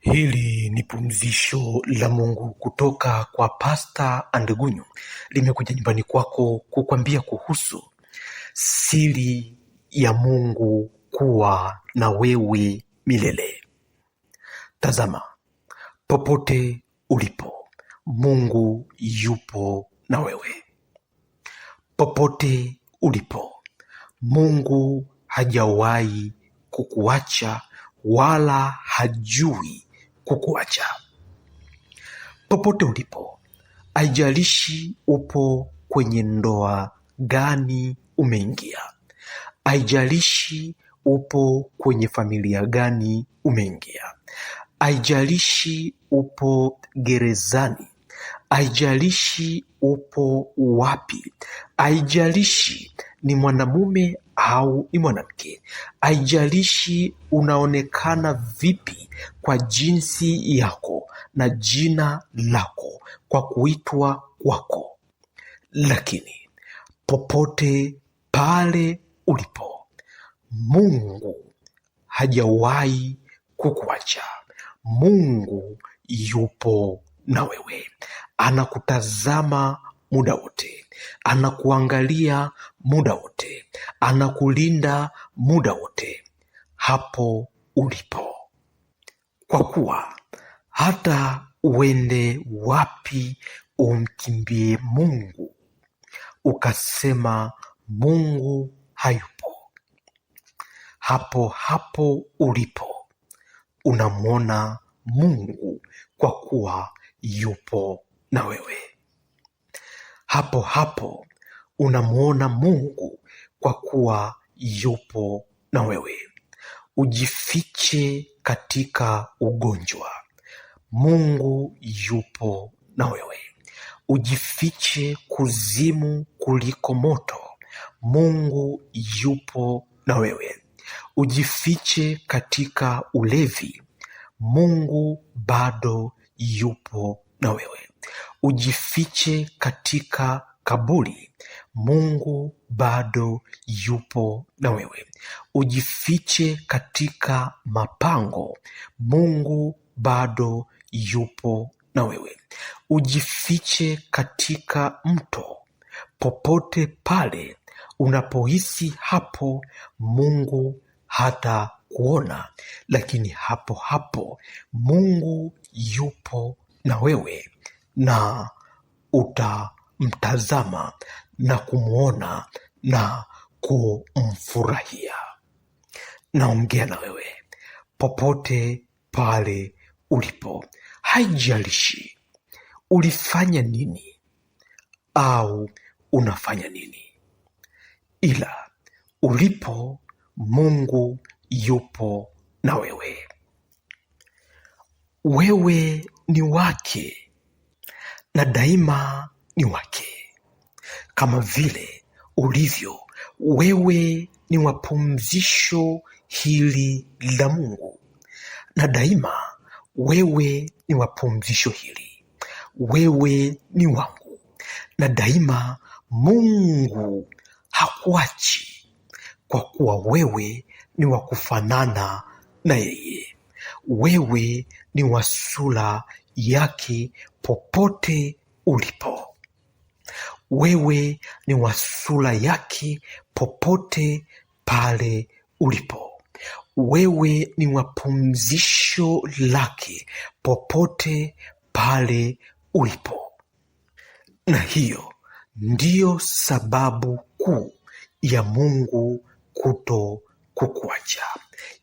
Hili ni pumzisho la Mungu kutoka kwa Pasta Andegunyu, limekuja nyumbani kwako kukwambia kuhusu siri ya Mungu kuwa na wewe milele. Tazama, popote ulipo, Mungu yupo na wewe. Popote ulipo, Mungu hajawahi kukuacha wala hajui kukuacha popote ulipo. Haijalishi upo kwenye ndoa gani umeingia, haijalishi upo kwenye familia gani umeingia, haijalishi upo gerezani, haijalishi upo wapi, haijalishi ni mwanamume au ni mwanamke, haijalishi unaonekana vipi kwa jinsi yako na jina lako, kwa kuitwa kwako, lakini popote pale ulipo, Mungu hajawahi kukuacha. Mungu yupo na wewe, anakutazama muda wote, anakuangalia muda wote, anakulinda muda wote hapo ulipo, kwa kuwa hata uende wapi umkimbie Mungu ukasema Mungu hayupo, hapo hapo ulipo unamwona Mungu kwa kuwa yupo na wewe hapo hapo unamwona Mungu kwa kuwa yupo na wewe. Ujifiche katika ugonjwa, Mungu yupo na wewe. Ujifiche kuzimu kuliko moto, Mungu yupo na wewe. Ujifiche katika ulevi, Mungu bado yupo na wewe. Ujifiche katika kaburi, Mungu bado yupo na wewe. Ujifiche katika mapango, Mungu bado yupo na wewe. Ujifiche katika mto, popote pale unapohisi hapo Mungu hata kuona, lakini hapo hapo Mungu yupo na wewe na utamtazama na kumwona na kumfurahia. Naongea na wewe popote pale ulipo, haijalishi ulifanya nini au unafanya nini, ila ulipo, Mungu yupo na wewe. Wewe ni wake na daima ni wake, kama vile ulivyo wewe ni wapumzisho hili la Mungu, na daima wewe ni wapumzisho hili, wewe ni wangu, na daima Mungu hakuachi, kwa kuwa wewe ni wa kufanana na yeye, wewe ni wa sura yake popote ulipo. Wewe ni wa sura yake popote pale ulipo. Wewe ni wa pumzisho lake popote pale ulipo, na hiyo ndiyo sababu kuu ya Mungu kuto kukuacha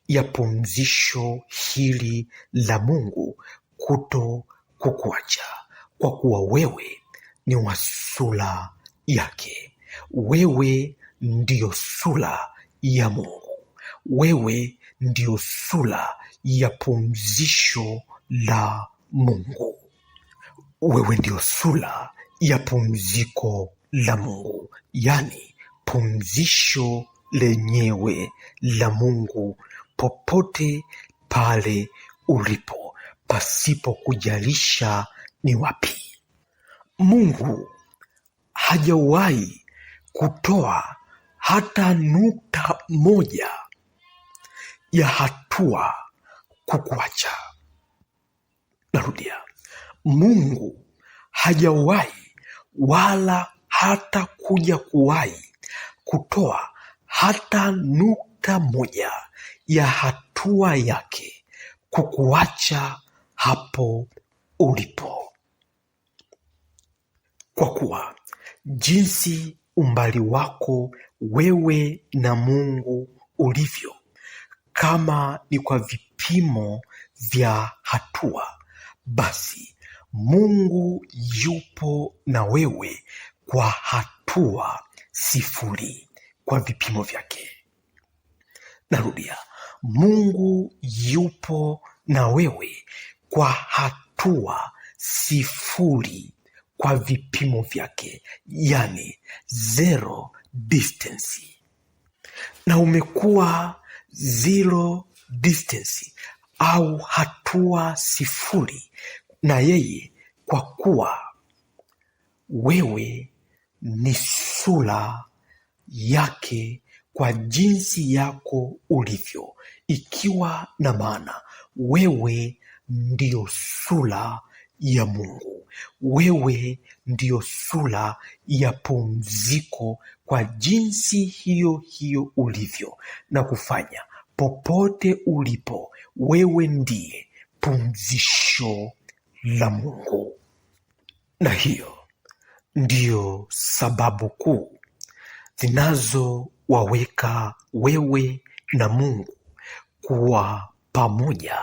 ya pumzisho hili la Mungu kuto kukuacha, kwa kuwa wewe ni wa sura yake. Wewe ndiyo sura ya Mungu, wewe ndiyo sura ya pumzisho la Mungu, wewe ndiyo sura ya pumziko la Mungu, yaani pumzisho lenyewe la Mungu popote pale ulipo pasipo kujalisha ni wapi. Mungu hajawahi kutoa hata nukta moja ya hatua kukuacha. Narudia, Mungu hajawahi wala hata kuja kuwahi kutoa hata nukta moja ya hatua yake kukuacha hapo ulipo, kwa kuwa jinsi umbali wako wewe na Mungu ulivyo, kama ni kwa vipimo vya hatua, basi Mungu yupo na wewe kwa hatua sifuri kwa vipimo vyake. Narudia, Mungu yupo na wewe kwa hatua sifuri kwa vipimo vyake, yani zero distance, na umekuwa zero distance au hatua sifuri na yeye, kwa kuwa wewe ni sura yake kwa jinsi yako ulivyo, ikiwa na maana wewe ndiyo sura ya Mungu. Wewe ndiyo sura ya pumziko kwa jinsi hiyo hiyo ulivyo na kufanya popote ulipo, wewe ndiye pumzisho la Mungu, na hiyo ndiyo sababu kuu zinazowaweka wewe na Mungu kuwa pamoja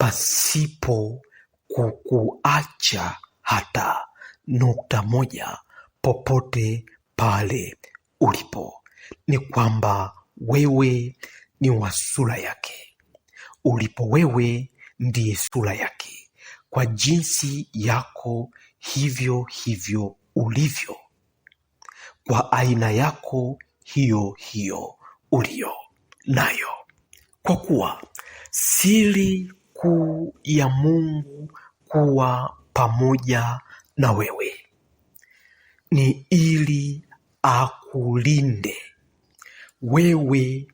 pasipo kukuacha hata nukta moja popote pale ulipo, ni kwamba wewe ni wa sura yake. Ulipo wewe ndiye sura yake, kwa jinsi yako hivyo hivyo ulivyo, kwa aina yako hiyo hiyo ulio nayo, kwa kuwa siri kuu ya Mungu kuwa pamoja na wewe ni ili akulinde wewe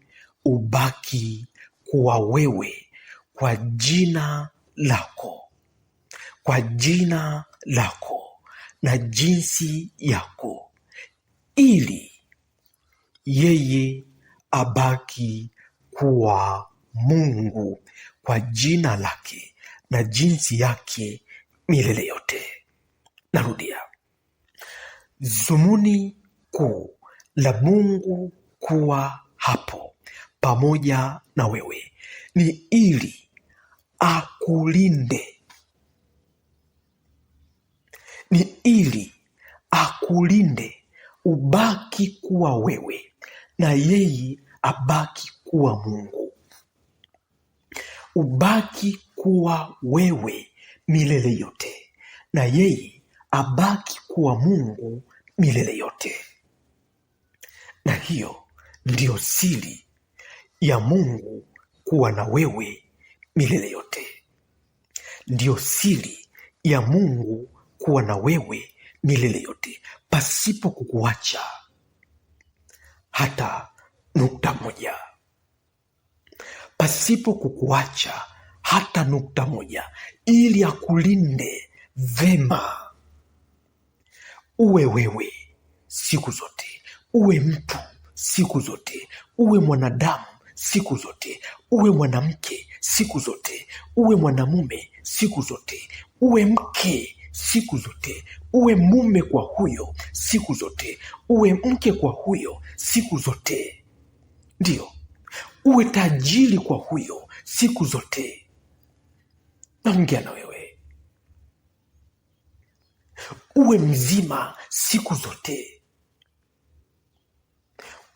ubaki kuwa wewe kwa jina lako kwa jina lako na jinsi yako, ili yeye abaki kuwa Mungu kwa jina lake na jinsi yake milele yote. Narudia, zumuni kuu la Mungu kuwa hapo pamoja na wewe ni ili akulinde, ni ili akulinde ubaki kuwa wewe na yeye abaki kuwa Mungu ubaki kuwa wewe milele yote, na yeye abaki kuwa Mungu milele yote. Na hiyo ndiyo siri ya Mungu kuwa na wewe milele yote, ndiyo siri ya Mungu kuwa na wewe milele yote, pasipo kukuacha hata nukta moja pasipo kukuacha hata nukta moja, ili akulinde vema. Uwe wewe siku zote, uwe mtu siku zote, uwe mwanadamu siku zote, uwe mwanamke siku zote, uwe mwanamume siku zote, uwe mke siku zote, uwe mume kwa huyo siku zote, uwe mke kwa huyo siku zote. Ndiyo, uwe tajiri kwa huyo siku zote. Naongea na wewe, uwe mzima siku zote,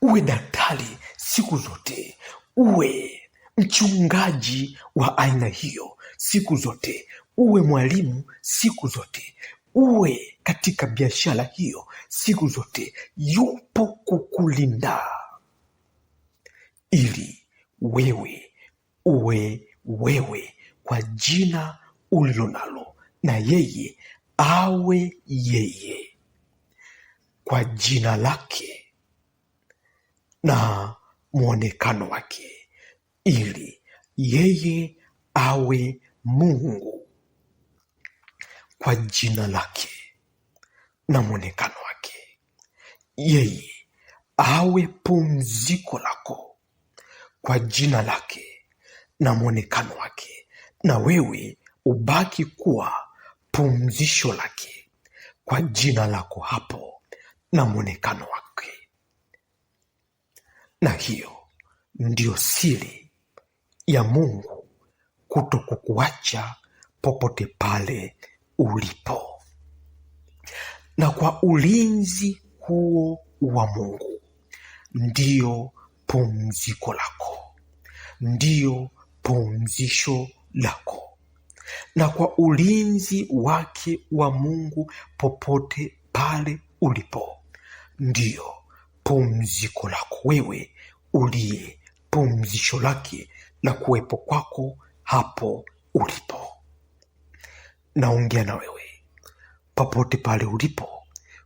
uwe daktari siku zote, uwe mchungaji wa aina hiyo siku zote, uwe mwalimu siku zote, uwe katika biashara hiyo siku zote. Yupo kukulinda ili wewe uwe wewe kwa jina ulilo nalo, na yeye awe yeye kwa jina lake na mwonekano wake, ili yeye awe Mungu kwa jina lake na mwonekano wake, yeye awe pumziko lako kwa jina lake na mwonekano wake, na wewe ubaki kuwa pumzisho lake kwa jina lako hapo na mwonekano wake. Na hiyo ndiyo siri ya Mungu kuto kukuacha popote pale ulipo, na kwa ulinzi huo wa Mungu ndiyo pumziko lako ndiyo pumzisho lako na kwa ulinzi wake wa Mungu popote pale ulipo, ndiyo pumziko lako wewe uliye pumzisho lake la kuwepo kwako hapo ulipo. Naongea na wewe popote pale ulipo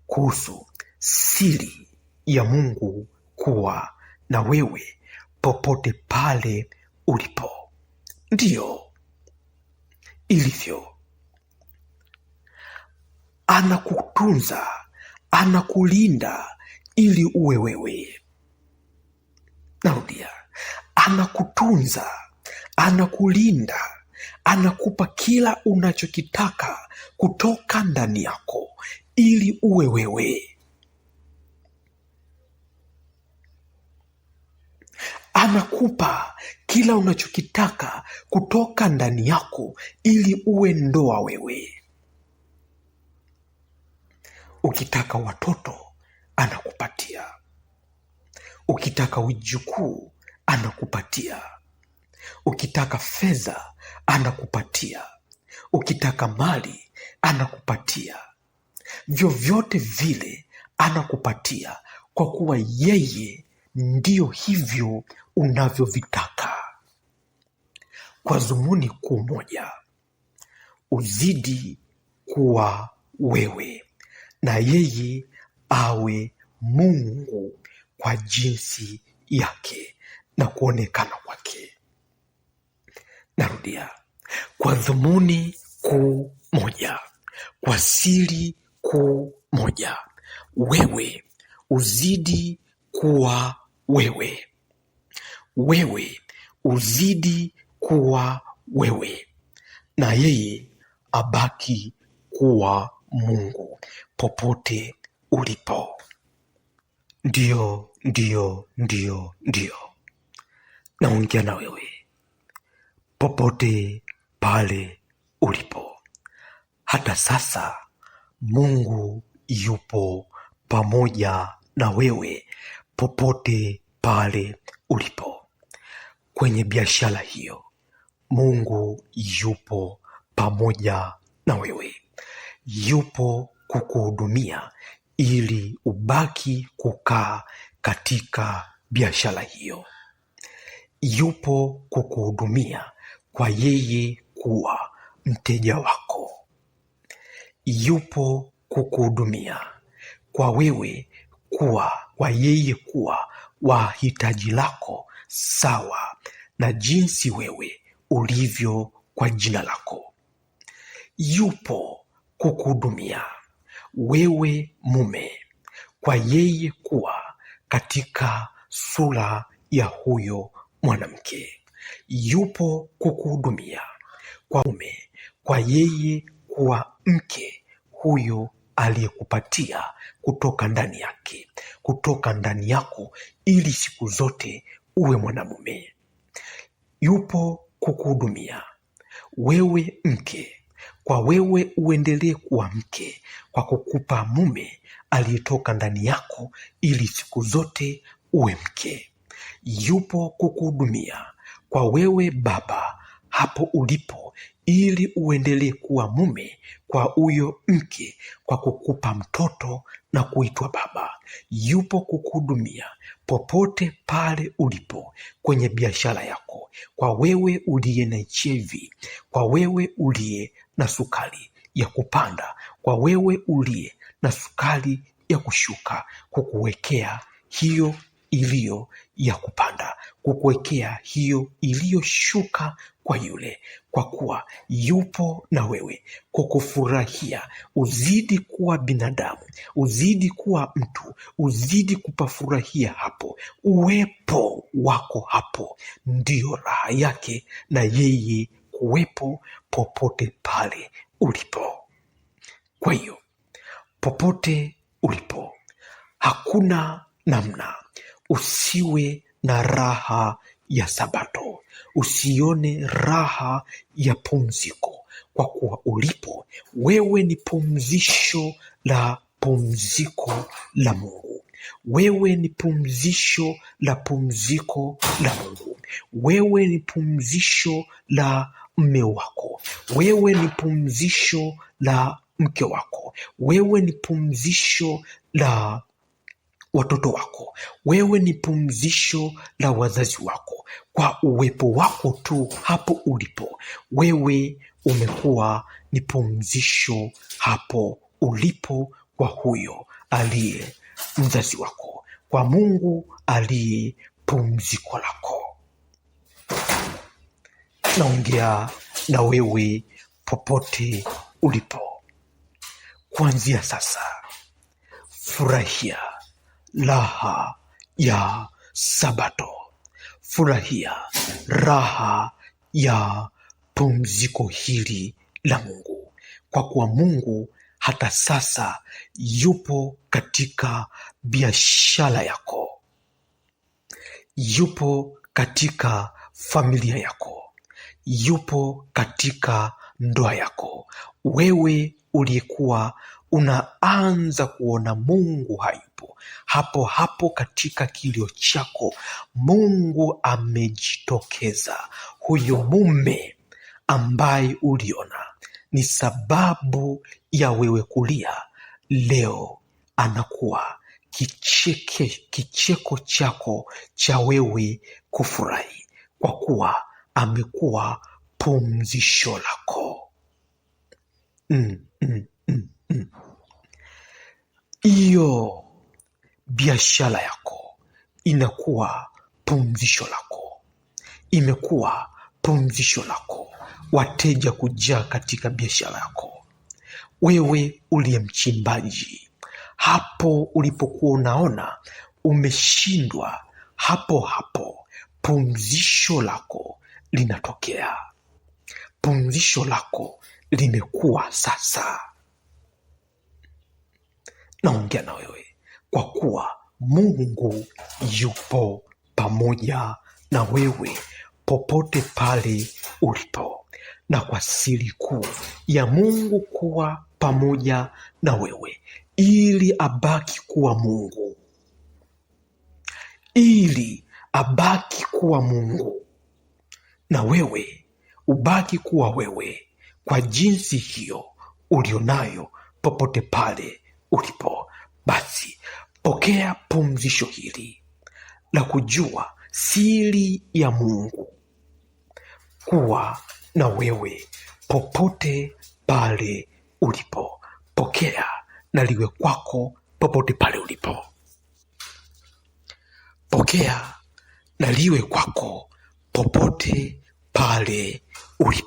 kuhusu siri ya Mungu kuwa na wewe popote pale ulipo. Ndiyo ilivyo, anakutunza, anakulinda ili uwe wewe. Narudia, anakutunza, anakulinda, anakupa kila unachokitaka kutoka ndani yako ili uwe wewe. anakupa kila unachokitaka kutoka ndani yako ili uwe ndoa wewe. Ukitaka watoto anakupatia, ukitaka ujukuu anakupatia, ukitaka fedha anakupatia, ukitaka mali anakupatia, vyovyote vile anakupatia, kwa kuwa yeye ndiyo hivyo unavyovitaka kwa dhumuni kuu moja, uzidi kuwa wewe na yeye awe Mungu kwa jinsi yake na kuonekana kwake. Narudia, kwa dhumuni kuu moja, kwa siri kuu moja, wewe uzidi kuwa wewe wewe uzidi kuwa wewe na yeye abaki kuwa Mungu popote ulipo. ndio ndio ndio ndio, naongea na wewe popote pale ulipo. Hata sasa Mungu yupo pamoja na wewe popote pale ulipo kwenye biashara hiyo. Mungu yupo pamoja na wewe, yupo kukuhudumia ili ubaki kukaa katika biashara hiyo. Yupo kukuhudumia kwa yeye kuwa mteja wako, yupo kukuhudumia kwa wewe kuwa kwa yeye kuwa wahitaji lako sawa na jinsi wewe ulivyo kwa jina lako. Yupo kukuhudumia wewe mume, kwa yeye kuwa katika sura ya huyo mwanamke. Yupo kukuhudumia kwa mume, kwa yeye kuwa mke huyo aliyekupatia kutoka ndani yake, kutoka ndani yako, ili siku zote uwe mwanamume. Yupo kukuhudumia wewe mke, kwa wewe uendelee kuwa mke kwa kukupa mume aliyetoka ndani yako, ili siku zote uwe mke. Yupo kukuhudumia kwa wewe baba hapo ulipo, ili uendelee kuwa mume kwa huyo mke kwa kukupa mtoto na kuitwa baba. Yupo kukuhudumia popote pale ulipo, kwenye biashara yako, kwa wewe uliye na HIV, kwa wewe uliye na sukari ya kupanda, kwa wewe uliye na sukari ya kushuka, kukuwekea hiyo iliyo ya kupanda kukuwekea hiyo iliyoshuka kwa yule, kwa kuwa yupo na wewe kukufurahia. Uzidi kuwa binadamu, uzidi kuwa mtu, uzidi kupafurahia hapo. Uwepo wako hapo ndiyo raha yake, na yeye kuwepo popote pale ulipo. Kwa hiyo popote ulipo, hakuna namna usiwe na raha ya Sabato, usione raha ya pumziko, kwa kuwa ulipo wewe ni pumzisho la pumziko la Mungu. Wewe ni pumzisho la pumziko la Mungu. Wewe ni pumzisho la mme wako. Wewe ni pumzisho la mke wako. Wewe ni pumzisho la watoto wako, wewe ni pumzisho la wazazi wako. Kwa uwepo wako tu hapo ulipo, wewe umekuwa ni pumzisho hapo ulipo, kwa huyo aliye mzazi wako, kwa Mungu aliye pumziko lako. Naongea na wewe popote ulipo, kuanzia sasa furahia raha ya Sabato, furahia raha ya pumziko hili la Mungu, kwa kuwa Mungu hata sasa yupo katika biashara yako, yupo katika familia yako, yupo katika ndoa yako, wewe uliyekuwa unaanza kuona Mungu hayu hapo hapo hapo, katika kilio chako Mungu amejitokeza. Huyo mume ambaye uliona ni sababu ya wewe kulia leo, anakuwa kicheke kicheko chako cha wewe kufurahi, kwa kuwa amekuwa pumzisho lako. mm, mm, mm, mm. Iyo biashara yako inakuwa pumzisho lako, imekuwa pumzisho lako, wateja kujaa katika biashara yako. Wewe uliye mchimbaji, hapo ulipokuwa unaona umeshindwa, hapo hapo pumzisho lako linatokea, pumzisho lako limekuwa sasa. Naongea na wewe kwa kuwa Mungu yupo pamoja na wewe popote pale ulipo, na kwa siri kuu ya Mungu kuwa pamoja na wewe, ili abaki kuwa Mungu, ili abaki kuwa Mungu na wewe ubaki kuwa wewe, kwa jinsi hiyo ulionayo popote pale ulipo, basi Pokea pumzisho hili la kujua siri ya Mungu, kuwa na wewe popote pale ulipo. Pokea na liwe kwako popote pale ulipo. Pokea na liwe kwako popote pale ulipo.